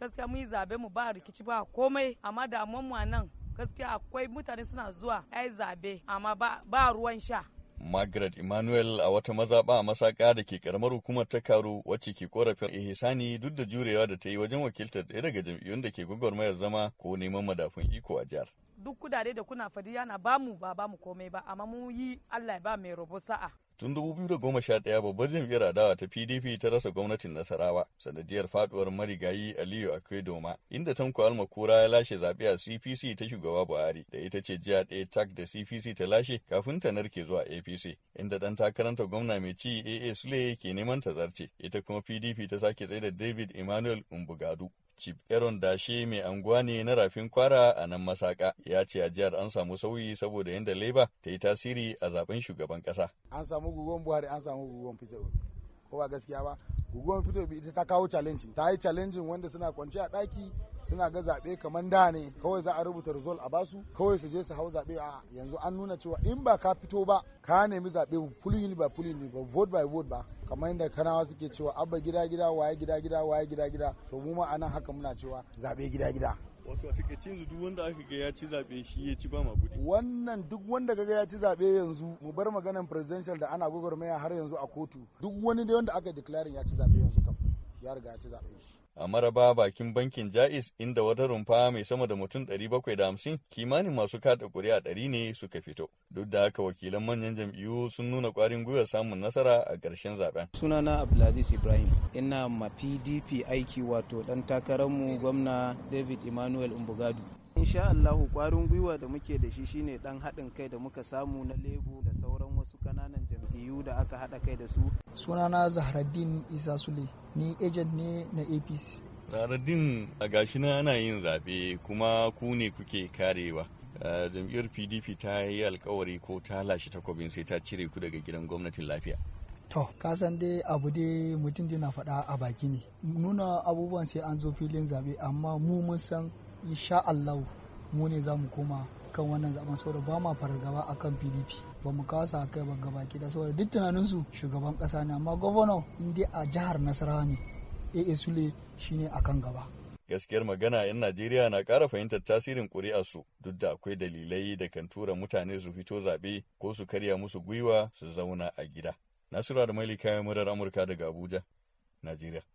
gaskiya mun yi zabe mu ba rikici ba komai amma damuwan mu nan gaskiya akwai mutane suna zuwa ai zabe amma ba ruwan sha Margaret Emmanuel a wata mazaɓa a masaka da ke karamar hukumar ta karu wacce ke korafin hisani duk da jurewa da ta yi wajen wakiltar ɗaya daga jam'iyyun da ke gwagwarmayar zama ko neman madafun iko a jihar. duk kudade da kuna fadi yana bamu ba bamu komai ba amma mu yi Allah ya ba mai rabo sa'a Tun 2011 babbar jam'iyyar adawa ta PDP ta rasa gwamnatin Nasarawa sanadiyar faduwar marigayi Aliyu Akwedoma inda Tanko Almakura ya lashe zaɓe a CPC ta shugaba Buhari da ita ce jiya ɗaya tak da CPC ta lashe kafin ta narke zuwa APC inda ɗan takaranta gwamna mai ci AA Sule ke neman ta zarce ita kuma PDP ta sake tsaye da David Emmanuel Umbugadu. Chief Aaron Dashe mai anguwa ne na rafin kwara a nan masaka ya ce a jihar an samu sauyi saboda yadda leba ta yi tasiri a zaben shugaban kasa. An samu guguwan Buhari an samu guguwan Peter ko ba gaskiya ba guguwar fito bi ita ta kawo challenge ta yi challenge wanda suna kwance a daki suna ga zaɓe kamar da ne kawai za a rubuta result a basu kawai su je su hau zaɓe a yanzu an nuna cewa in ba ka fito ba ka nemi zaɓe fulin ba fulin ba vote by vote ba kamar yadda kanawa suke cewa abba gida gida waye gida gida waye gida gida to mu ma anan haka muna cewa zaɓe gida gida wato a cin duk wanda aka ga ya ci zabe shi ya ci ba magudi wannan duk wanda kaga ya ci zaɓe yanzu mu bar maganan presidential da ana gwagwarmaya har yanzu a kotu duk wani da wanda aka declare ya ci zabe yanzu kam ya riga ci zaɓen shi. A maraba bakin bankin Ja'is inda wata rumfa mai sama da mutum 750 kimanin masu kada ƙuri'a ɗari ne suka fito. Duk da haka wakilan manyan jam'iyyu sun nuna ƙwarin gwiwa samun nasara a ƙarshen zaɓen Sunana Abdulaziz Ibrahim, ina ma PDP aiki wato ɗan takararmu gwamna David Emmanuel Umbugadu. insha Allahu kwarin gwiwa da muke da shi shine dan haɗin kai da muka samu na lebo da sauran wasu kananan jam'iyyu da aka haɗa kai da su sunana zahraddin isa sule ni agent ne na apc zahraddin a gashi na ana yin zaɓe kuma ku ne kuke karewa jam'iyyar pdp ta yi alkawari ko ta lashe takobin sai ta cire ku daga gidan gwamnatin lafiya To, san dai abu dai mutum dai faɗa a baki ne. Nuna abubuwan sai an zo filin zaɓe, amma mu mun san in sha Allah mu ne za mu koma kan wannan zaben saboda ba ma fargaba kan PDP ba mu kasa kai ba gaba ki da saboda duk tunaninsu shugaban kasa ne amma gwamna in a jihar Nasarawa ne AA Sule shine akan gaba gaskiyar magana 'yan Najeriya na ƙara fahimtar tasirin ƙuri'arsu duk da akwai dalilai da kan tura mutane su fito zaɓe ko su karya musu gwiwa su zauna a gida. Nasiru da Malika murar Amurka daga Abuja, Najeriya.